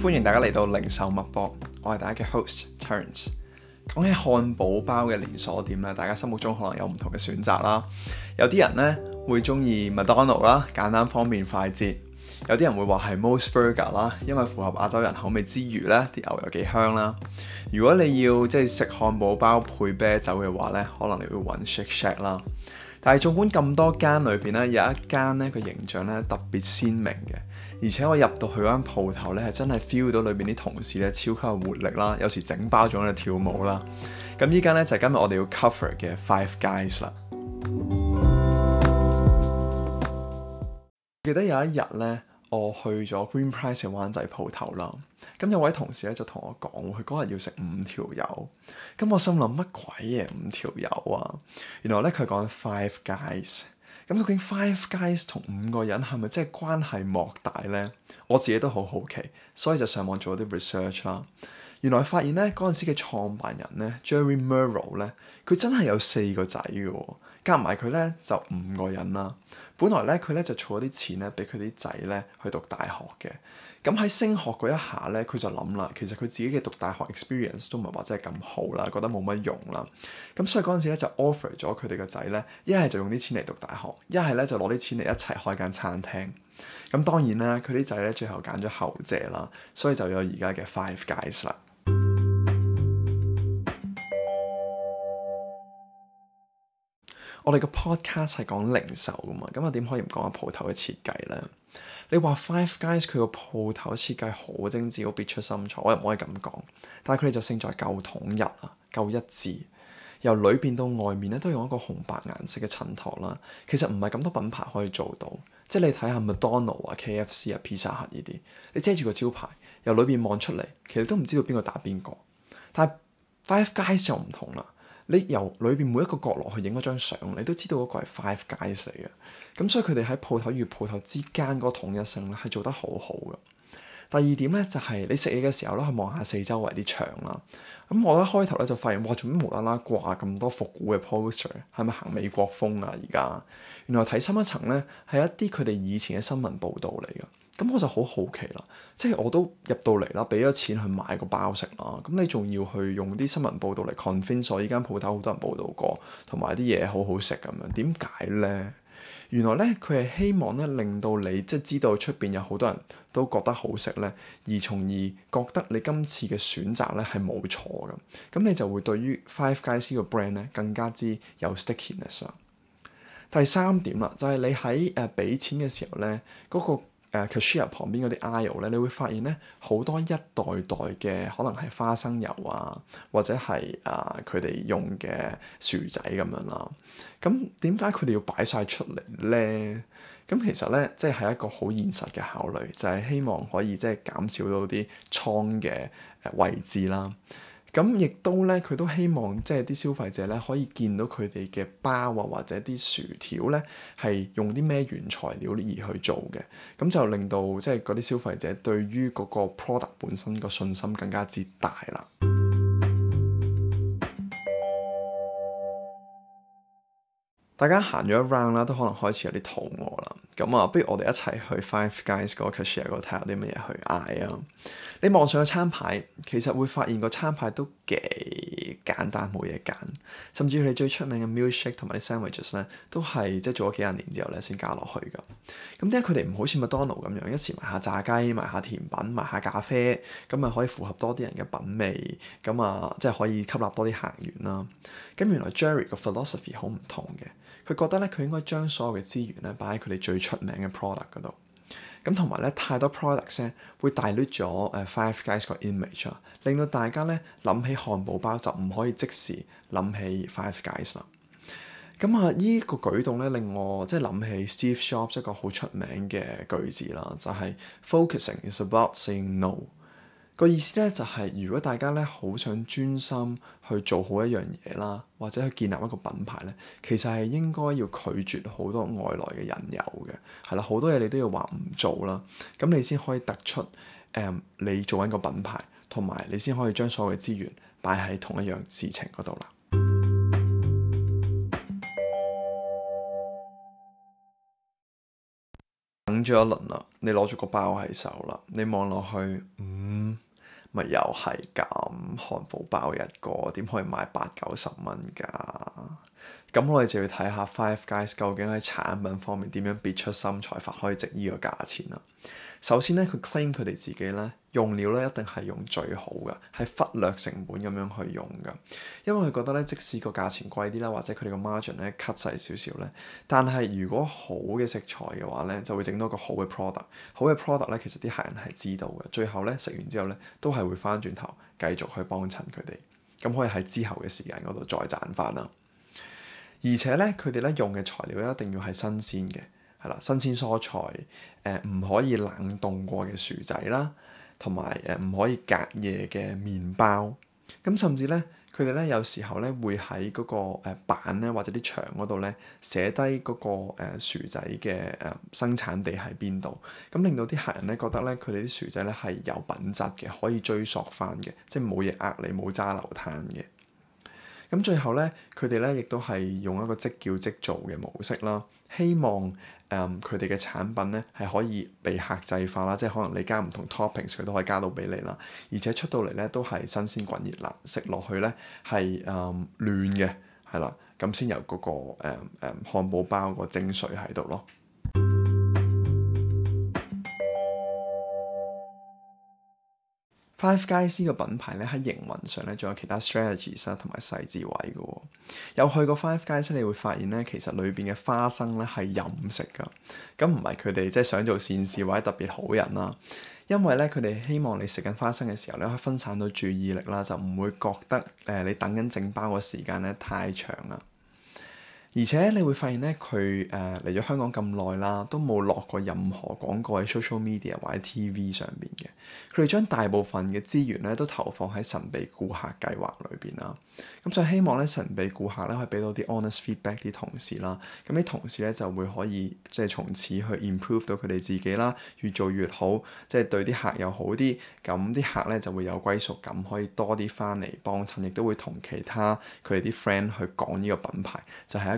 歡迎大家嚟到零售脈搏，我係大家嘅 host Terence。講起漢堡包嘅連鎖店咧，大家心目中可能有唔同嘅選擇啦。有啲人咧會中意麥當勞啦，簡單方便快捷；有啲人會話係 MOS Burger 啦，因為符合亞洲人口味之餘咧，啲牛油幾香啦。如果你要即係食漢堡包配啤酒嘅話咧，可能你會揾 Shake Shack 啦。但係縱觀咁多間裏邊咧，有一間咧個形象咧特別鮮明嘅，而且我入到去間鋪頭咧，係真係 feel 到裏邊啲同事咧超級有活力啦，有時整包裝咧跳舞啦。咁依間咧就係今日我哋要 cover 嘅 Five Guys 啦。 記得有一日咧，我去咗 GreenPrice 嘅灣仔鋪頭啦，咁有位同事咧就同我講，佢嗰日要食五條友，咁我心諗乜鬼嘢五條友啊？原來咧佢講緊 Five Guys，咁究竟 Five Guys 同五個人係咪真係關係莫大咧？我自己都好好奇，所以就上網做咗啲 research 啦。原來發現咧嗰陣時嘅創辦人咧 Jerry Murrell 咧，佢真係有四個仔喎、哦。加埋佢咧就五個人啦。本來咧佢咧就儲咗啲錢咧俾佢啲仔咧去讀大學嘅。咁喺升學嗰一下咧，佢就諗啦，其實佢自己嘅讀大學 experience 都唔係話真係咁好啦，覺得冇乜用啦。咁所以嗰陣時咧就 offer 咗佢哋個仔咧，一係就用啲錢嚟讀大學，一係咧就攞啲錢嚟一齊開間餐廳。咁當然啦，佢啲仔咧最後揀咗後者啦，所以就有而家嘅 Five Guys 啦。我哋個 podcast 係講零售噶嘛，咁又點可以唔講下鋪頭嘅設計咧？你話 Five Guys 佢個鋪頭設計好精緻，好別出心裁，我又唔可以咁講。但係佢哋就勝在夠統一啊，夠一致。由裏邊到外面咧，都用一個紅白顏色嘅襯托啦。其實唔係咁多品牌可以做到，即係你睇下麥當勞啊、KFC 啊、Pizza Hut 呢啲，你遮住個招牌，由裏邊望出嚟，其實都唔知道邊個打邊個。但係 Five Guys 就唔同啦。你由裏邊每一個角落去影嗰張相，你都知道嗰個係 Five Guys 嚟嘅。咁所以佢哋喺鋪頭與鋪頭之間嗰統一性咧係做得好好嘅。第二點咧就係、是、你食嘢嘅時候咧，去望下四周圍啲牆啦。咁我一開頭咧就發現，哇，做咩無啦啦掛咁多復古嘅 poster？係咪行美國風啊？而家原來睇深一層咧，係一啲佢哋以前嘅新聞報導嚟嘅。咁我就好好奇啦，即係我都入到嚟啦，俾咗錢去買個包食啦。咁你仲要去用啲新聞報道嚟 convince 我。依間鋪頭好多人報道過，同埋啲嘢好好食咁樣，點解咧？原來咧，佢係希望咧令到你即係知道出邊有好多人都覺得好食咧，而從而覺得你今次嘅選擇咧係冇錯咁。咁你就會對於 Five Guys 個 brand 咧更加之有 stickiness 啦。第三點啦，就係你喺誒俾錢嘅時候咧，嗰個誒、uh, cashier 旁邊嗰啲 aisle 咧，你會發現咧好多一袋袋嘅可能係花生油啊，或者係啊佢哋用嘅薯仔咁樣啦。咁點解佢哋要擺晒出嚟咧？咁其實咧即係一個好現實嘅考慮，就係、是、希望可以即係減少到啲倉嘅誒位置啦。咁亦都咧，佢都希望即係啲消費者咧可以見到佢哋嘅包啊，或者啲薯條咧係用啲咩原材料而去做嘅，咁就令到即係啲消費者對於嗰個 product 本身個信心更加之大啦。大家行咗一 round 啦，都可能開始有啲肚餓啦。咁啊，不如我哋一齊去 Five Guys 嗰個 cashier 嗰度睇下有啲乜嘢去嗌啊！你望上個餐牌，其實會發現個餐牌都幾簡單，冇嘢揀。甚至佢哋最出名嘅 milkshake 同埋啲 sandwiches 咧，都係即係做咗幾廿年之後咧先加落去嘅。咁點解佢哋唔好似麥當勞咁樣一時賣下炸雞、賣下甜品、賣下咖啡，咁啊可以符合多啲人嘅品味，咁啊即係可以吸納多啲客源啦。咁原來 Jerry 個 philosophy 好唔同嘅。佢覺得咧，佢應該將所有嘅資源咧擺喺佢哋最出名嘅 product 嗰度。咁同埋咧，太多 product 咧會打亂咗誒 Five Guys 個 image，令到大家咧諗起漢堡包就唔可以即時諗起 Five Guys 啦。咁、嗯、啊，依、這個舉動咧令我即係諗起 Steve Jobs 一個好出名嘅句子啦，就係、是、focusing is about saying no。個意思咧就係、是，如果大家咧好想專心去做好一樣嘢啦，或者去建立一個品牌咧，其實係應該要拒絕好多外來嘅引誘。有嘅，係啦，好多嘢你都要話唔做啦，咁你先可以突出誒、嗯、你做緊個品牌，同埋你先可以將所有嘅資源擺喺同一樣事情嗰度啦。等咗一輪啦，你攞住個包喺手啦，你望落去。咪又係咁，漢堡包一個點可以賣八九十蚊㗎？咁我哋就要睇下 Five Guys 究竟喺產品方面點樣別出心裁法可以值呢個價錢啦。首先咧，佢 claim 佢哋自己咧，用料咧一定係用最好嘅，係忽略成本咁樣去用嘅，因為佢覺得咧，即使個價錢貴啲啦，或者佢哋個 margin 咧 cut 細少少咧，但係如果好嘅食材嘅話咧，就會整到一個好嘅 product。好嘅 product 咧，其實啲客人係知道嘅，最後咧，食完之後咧都係會翻轉頭繼續去幫襯佢哋，咁可以喺之後嘅時間嗰度再賺翻啦。而且咧，佢哋咧用嘅材料一定要係新鮮嘅，係啦，新鮮蔬菜誒，唔可以冷凍過嘅薯仔啦。同埋誒唔可以隔夜嘅麵包，咁甚至咧，佢哋咧有時候咧會喺嗰個誒板咧或者啲牆嗰度咧寫低嗰、那個誒、呃、薯仔嘅誒、呃、生產地喺邊度，咁令到啲客人咧覺得咧佢哋啲薯仔咧係有品質嘅，可以追溯翻嘅，即係冇嘢呃你，冇揸流攤嘅。咁最後咧，佢哋咧亦都係用一個即叫即做嘅模式啦，希望誒佢哋嘅產品咧係可以被客製化啦，即係可能你加唔同 toppings，佢都可以加到俾你啦，而且出到嚟咧都係新鮮滾熱辣，食落去咧係誒嫩嘅，係、嗯、啦，咁先有嗰、那個誒誒、嗯嗯、漢堡包個精髓喺度咯。Five Guys 個品牌咧喺營運上咧，仲有其他 strategies 啦、啊，同埋細節位嘅喎、哦。有去過 Five Guys，你會發現咧，其實裏邊嘅花生咧係任食嘅，咁唔係佢哋即係想做善事或者特別好人啦、啊。因為咧，佢哋希望你食緊花生嘅時候咧，可以分散到注意力啦，就唔會覺得誒、呃、你等緊整包嘅時間咧太長啦。而且你會發現咧，佢誒嚟咗香港咁耐啦，都冇落過任何廣告喺 social media 或者 TV 上邊嘅。佢哋將大部分嘅資源咧都投放喺神秘顧客計劃裏邊啦。咁所以希望咧神秘顧客咧可以俾到啲 honest feedback 啲同事啦。咁啲同事咧就會可以即係從此去 improve 到佢哋自己啦，越做越好，即係對啲客又好啲。咁啲客咧就會有歸屬感，可以多啲翻嚟幫襯，亦都會同其他佢哋啲 friend 去講呢個品牌，就係一。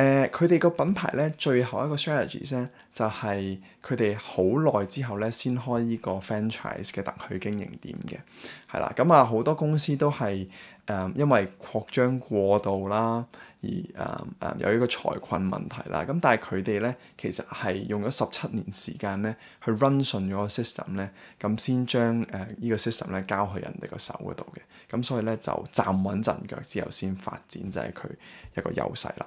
誒佢哋個品牌咧，最後一個 strategies 咧，就係佢哋好耐之後咧，先開呢個 franchise 嘅特許經營店嘅，係啦。咁、嗯、啊，好多公司都係誒、呃、因為擴張過度啦，而誒誒、呃呃、有呢個財困問題啦。咁但係佢哋咧，其實係用咗十七年時間咧，去 run 順咗個 system 咧，咁、嗯、先將誒呢個 system 咧交去人哋個手嗰度嘅。咁、嗯、所以咧就站穩陣腳之後，先發展就係、是、佢一個優勢啦。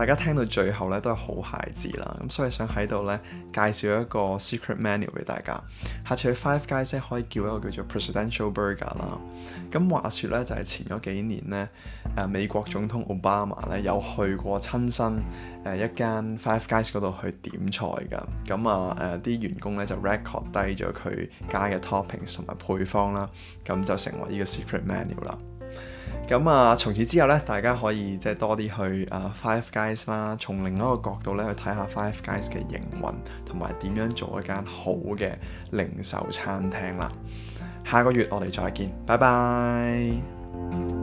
大家聽到最後咧都係好孩子啦，咁所以想喺度咧介紹一個 secret menu 俾大家。下次去 Five Guys 可以叫一個叫做 Presidential Burger 啦。咁話說咧就係、是、前嗰幾年咧，誒美國總統 Obama 咧有去過親身誒一間 Five Guys 度去點菜㗎。咁啊誒啲、呃呃、員工咧就 record 低咗佢加嘅 toppings 同埋配方啦。咁就成為呢個 secret menu 啦。咁啊，從此之後咧，大家可以即係多啲去誒、uh, Five Guys 啦，從另一個角度咧去睇下 Five Guys 嘅營運同埋點樣做一間好嘅零售餐廳啦。下個月我哋再見，拜拜。嗯。